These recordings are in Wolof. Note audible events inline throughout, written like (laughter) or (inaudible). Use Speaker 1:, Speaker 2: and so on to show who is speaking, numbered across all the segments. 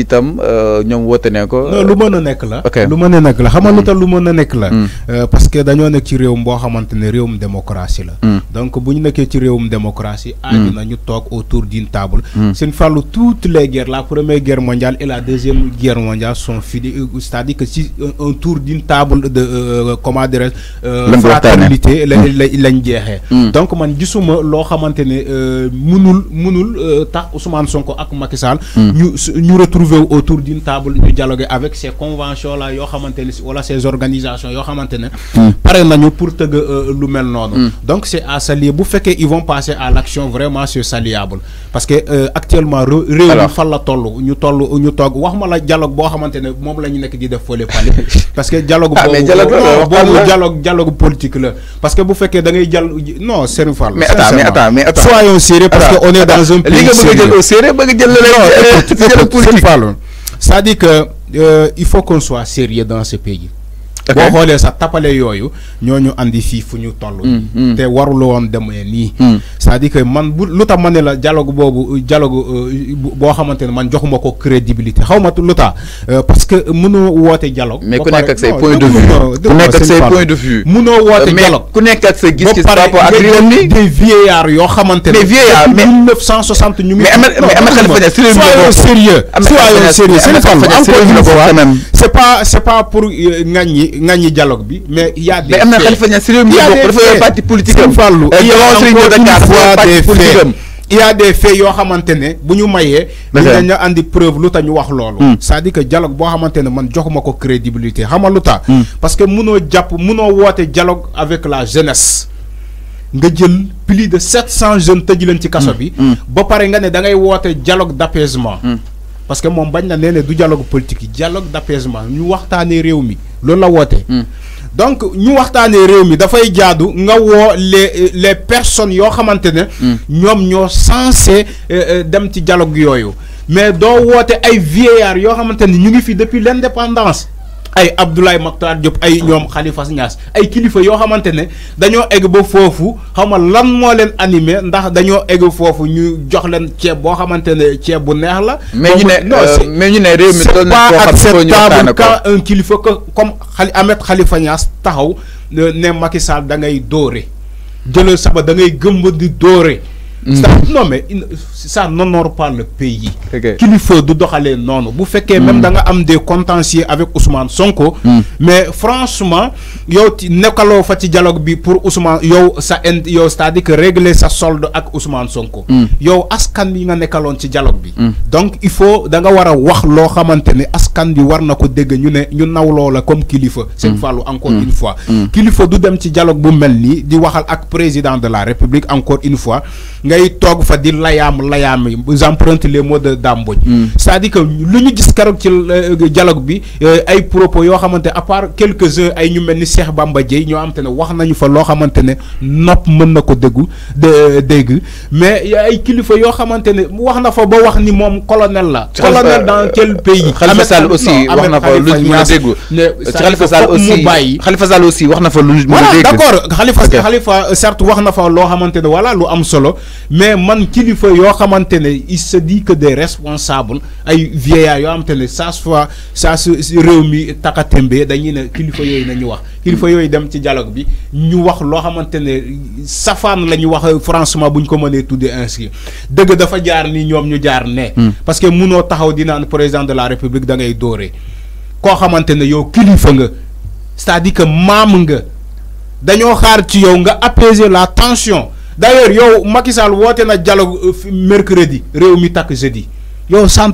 Speaker 1: itam euh, ñom woote ne ko. non lu mën a nekk la. lu mën a
Speaker 2: la xamal lu mm. tax lu mën a nekk la. Mm. Euh, parce que dañu nekk ci réewum bo xamante réewum démocratie la. Mm. donc buñu nekké ci réewum démocratie. aaj na ñu autour d'une table. seen fàllu toutes les guerres la première guerre mondiale et la deuxième guerre mondiale sont fidèles euh, c'est-à-dire que si un tour d'une table de comment dirais fraternité la lañ jéxé donc man gisuma lo xamante mënul mënul tax Ousmane Sonko ak Macky Sall. ñu ñu retrouver autour d'une table de dialogue avec ces conventions là yoo xamante wala ces organisations yoo xamante ne. Hmm. pare nañu pour tëgg euh, lu mel non hmm. donc c'est à salier bu faites qu'ils vont passer à l'action vraiment sur saliable parce que euh, actuellement. nous mi fan la toll ñu toll ñu toog wax dialogue boo xamante ne moom la di def (laughs) parce que dialogue ah, dialogue dialogue politique parce que vous fekkee da ngay jàll non une Fall. mais attends mais attends mais attends soyons sérieux parce que on est dans un pays alors, ça dit que euh, il faut qu'on soit sérieux dans ce pays boo xoolee sax tapale yooyu ñoo ñu andi fii fuñu tollu té mm, mm. te warul won demee ni mm. c'est-à-dire que man bu lu tax ma la dialogue bobu dialogue euh, bo xamante man joxuma ko crédibilité xawma ma lu tax euh, parce que mëno woté dialogue. mais ku nekk ak say point de vue ku nekk ak say point
Speaker 1: de vue. mëno woté euh, dialogue ku nekk ak sa gis-gis. par rapport ak réew mi des vieillards yo
Speaker 2: xamante ne. mais vieillard mais 1960 ñu ngi. mais am Khalifa Niass sérieux sérieux. Soyons sérieux. c'est pas c'est pas pour ngañ ŋàññi dialogue bi mais il y a des mais amna Khalifa Niass réew mi dafa yor parti politique am Fallou il y a des faits il y a des faits yo xamantene buñu mayé ñu ñu andi preuve lu tax ñu wax lolu ça dit que dialogue bo xamantene man joxuma ko crédibilité xamal lu ta hmm. parce que mëno japp mëno woté dialogue avec la jeunesse nga jël plus de 700 jeunes tëj leen ci kasso hmm. bi hmm. ba paré nga né da ngay woté dialogue d'apaisement parce que mom bañ na nee ne du dialogue politique dialogue d'apaisement ñu waxtané réew mi loolu la woote. Hmm. donc ñu waxtaanee réew mi dafay jaadu nga woo les les personnes yoo xamante ne. Hmm. ñoom ñoo censé euh, euh, dem ci dialogue yooyu mais doo wootee ay vieillards yoo xamante ne ñu ngi fi depuis l'indépendance. ay Abdoulaye Makhtar Diop ay ñoom xalifa Niass ay kilifa yoo xamante ne dañoo egg ba foofu xam lan moo leen animé ndax dañoo egg foofu ñu jox leen ceeb boo xamante ne ceeb bu neex la. mais ñu ne euh, mais réew mi toll na foo xam foo ñu waxtaanee ko c'est pas acceptable comme xali Ahmed Khalifa Niass taxaw ne Macky dangay da ngay dóore jëlal saba da ngay di dóore. Mm. non mais ça n'honore pas le pays qu'il faut du non noonu bu que même mm. da nga des contentieux avec Ousmane Sonko mm. mais franchement yow ci nekkaloo fa ci dialogue bi pour Ousmane yow ça cest à régler sa solde avec Ousmane Sonko yow askan yi nga nekkaloon ci dialogue bi donc il faut da nga war a wax loo à ne askan bi war na ko dégg ñu ne ñu nawloo la comme kilifa seen fàllu encore une fois kilifa du dem ci dialogue bu mel di waxal président de la république encore une fois ngay toog fa di layam layam yi j'emprunte les mots de Dame mm. c'est-à-dire que luñu gis keroog ci euh, dialogue bi euh, ay propos yo xamante à part quelques-uns ay ñu melni Cheikh Bamba Dièye ñoo xamante ne wax nañu fa lo xamante ne nopp mën na ko déggu de dégg mais ay kilifa yo xamante ne wax na fa ba wax ni mom colonel la colonel dans euh, quel pays Khalifa Sall aussi wax na fa lu ñu mën a Khalifa Sall aussi Khalifa Sall
Speaker 1: aussi wax na fa lu ñu mën a dégg voilà d'accord Khalifa
Speaker 2: Khalifa certes wax na fa lo xamante ne voilà lu am solo mais man kilifa yo xamantene il se dit que des responsables ay vieya yo xamantene ça saa fois saa su réew takatembe dañuy ne kilifa yoy nañu wax kilifa yoy dem ci dialogue bi ñu wax lo xamantene ne lañu la wax franchement buñ ko mënee tuddee ainsi deug dafa jaar ni ñom ñu jaar ne hmm. parce que mëno taxaw di président de la république da ngay doré ko xamantene yo kilifa nga c'est-à-dire que mam nga dañoo xaar ci yow nga apaiser la tension d'ailleurs yow Macky Sall woote na dialogue euh, mercredi réew mi takk jeudi yow ça ne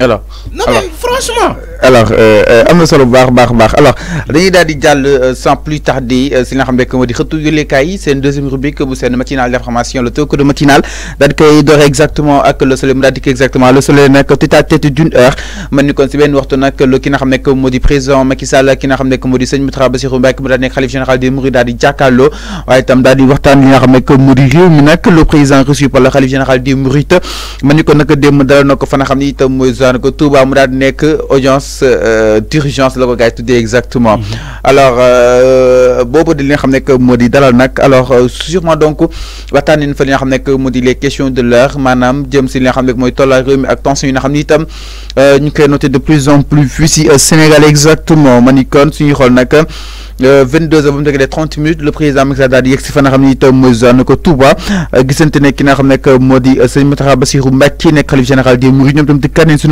Speaker 1: alors non mais franchement. alors euh, euh, am na solo bax bax bax alors dañuy daal di jàll euh, sans plus tarder si nga xam ne moo di xëtu yëlekaay yi seen deuxième rubrique bu seen matinal d'information le talk de matinal daal di koy doore exactement ak le soleil mu daal di exactement le soleil nag tête à tête d'une heure mën ni kon si benn waxtu nag le ki nga xam ne moo di président Macky Sall ki nga xam ne moo di sëñ Moutara Bassirou Mbacké mu daal di xalif général des Mourides daal di jàkkaarloo waaye itam daal di waxtaan li nga xam ne moo di réew mi nag le président reçu par le xalif général des Mourides mën ni ko nag démb dara na ko fa nga xam ne itam mooy gisoon ko Touba mu daal audience euh, d'urgence la ko gars yi exactement mhm. alors euh, bobo di li nga xam nekk dalal alors euh, sûrement donc waxtaan nañ fa li nga xam les questions de l'heure manam jëm si li nga xam nekk mooy tollaa réew mi ak tension yi nga xam ni ñu noté de plus en plus fii si Sénégal exactement ma ni kon suñuy xool 22 avant de mu 30 minutes le président Macky Sall stéphane di yegg si fa nga xam ni itam mooy zone ko Touba gisante ne ki nga xam nekk moo di Bassirou Mbacké nekk xalif général des Mourides ñoom itam di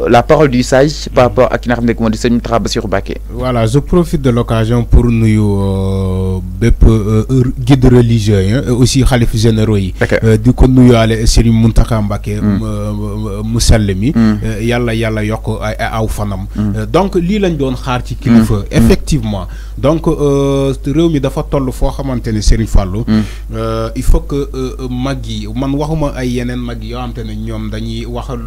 Speaker 1: Euh, la parole du sage par rapport à qui n'a rien de moo di sëñ Mountakha sur Mbacké.
Speaker 2: voilà je profite de l'occasion pour nuyu euh, euh, euh guide religieux yi hein, aussi Khalif généraux yi. Du ko nuyuwaale Serigne Mountakha Mbacké. Mm. mu sell
Speaker 1: mm.
Speaker 2: yalla, Yalla yàlla yokk ay aw mm. donc l'île lañ doon xaar ci kilifa. effectivement donc euh, mi dafa le foo xamante ne Serigne Fallou. il faut que mag yi man waxuma ay yeneen mag yoo xamante dany, ñoom dañuy waxal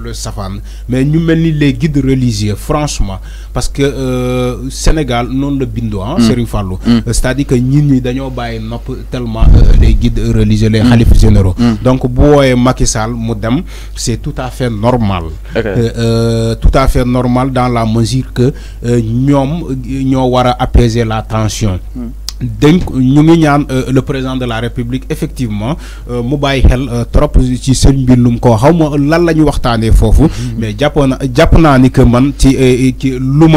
Speaker 2: mais ñu mel les guides religieux franchement parce que euh, Sénégal non le bindo, c'est-à-dire que nous, ñi pas tellement euh, les guides religieux les xalifes mm. généraux. Mm. donc bu wooyee Macky Sall c'est tout à fait normal. Euh, tout à fait normal dans la mesure que nous ñoo apaisé apaiser la tension. Mm dénk ñu ngi ñaan euh, le président de la république effectivement euh, mu euh, trop ci sëñ bi lu mu ko xaw ma la mm-hmm. mais jàppoon na jàpp naa ni que man ci lu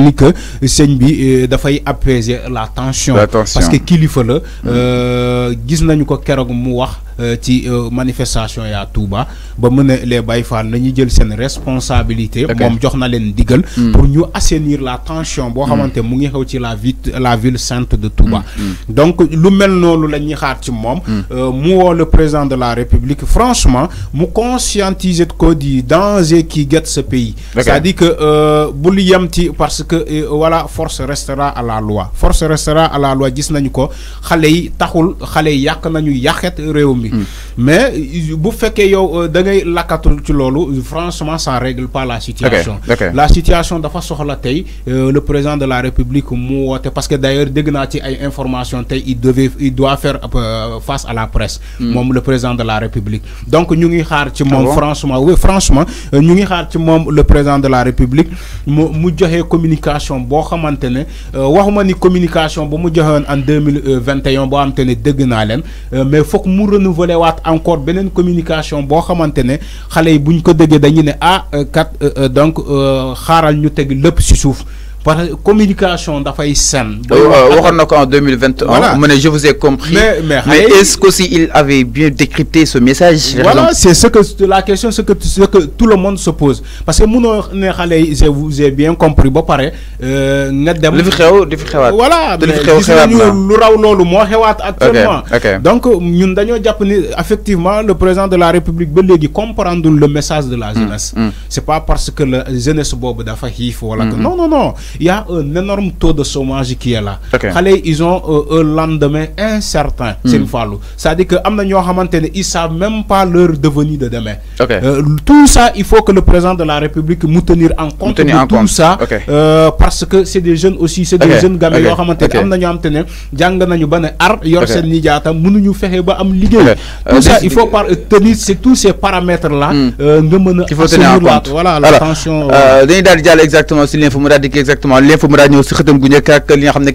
Speaker 2: ni que sëñ bi apaiser la tension. parce que kilifa la. Mm-hmm. gis nañu ko keroog mu wax. ci manifestation ya Touba ba mëne les Baye Fall nañu jël sen responsabilité mom jox na mm. pour ñu assainir la tension bo mm. xamanté mu ngi xew ci la ville la ville sainte de Touba Mm, mm. donc lu mel noonu la xaar ci moom mm. euh, mu le président de la république franchement mu conscientiser ko di danger qui guette ce pays c'est-à-dire que euh, li yam ci parce que euh, voilà force restera à la loi force restera à la loi gis nañu ko xalé yi taxul xalé yi yak nañu yaxet rew mi mais bu féké yow da ngay lakkatul ci lolu, franchement ça règle pas la situation la situation dafa soxla tey le président de la république mu wote parce que d'ailleurs dégg ci information tey il devait il doit faire euh, face à la presse. Hmm. moom le président de la république. donc ñu ngi xaar ci ah franchement oui franchement euh, ñu ngi xaar ci le président de la république mu communication boo xamante ne euh, waxuma communication ba mu en 2021 mille vingt et un boo xamante ne dëgg mu renouveler waat encore une communication boo xamante ne xale yi buñ ko déggee dañu ah donc xaaral ñu le lépp ci communication est
Speaker 1: saine. Euh, en 2021, je vous ai compris. mais est ce qu'il il avait bien décrypté ce message. voilà c'est
Speaker 2: ce que la question ce que que tout le monde se pose parce que je vous ai bien compris ba euh, voilà donc effectivement le président de la république ba comprend comprendre le message de la hmm, jeunesse. Hmm. C'est n'est pas parce que la jeunesse est dafa hmm, non non non il y a un énorme taux de chômage qui est là. Okay. Allez, ils ont euh, un lendemain incertain, c'est mm. C'est-à-dire que ils ne savent même pas leur devenir de demain. Euh, tout ça, il faut que le président de la République nous tenir en compte tenir de en tout compte. ça. Euh, parce que c'est des jeunes aussi, c'est des jeunes gamins qui ont Tout ça, il faut par, tenir tous ces paramètres-là. Mm. mëna il faut tenir en compte. voilà, l'attention. Voilà,
Speaker 1: euh, exactement sur l'info, exactement. directement les Mourad ñëw si xëtam gu njëkk ak li nga xam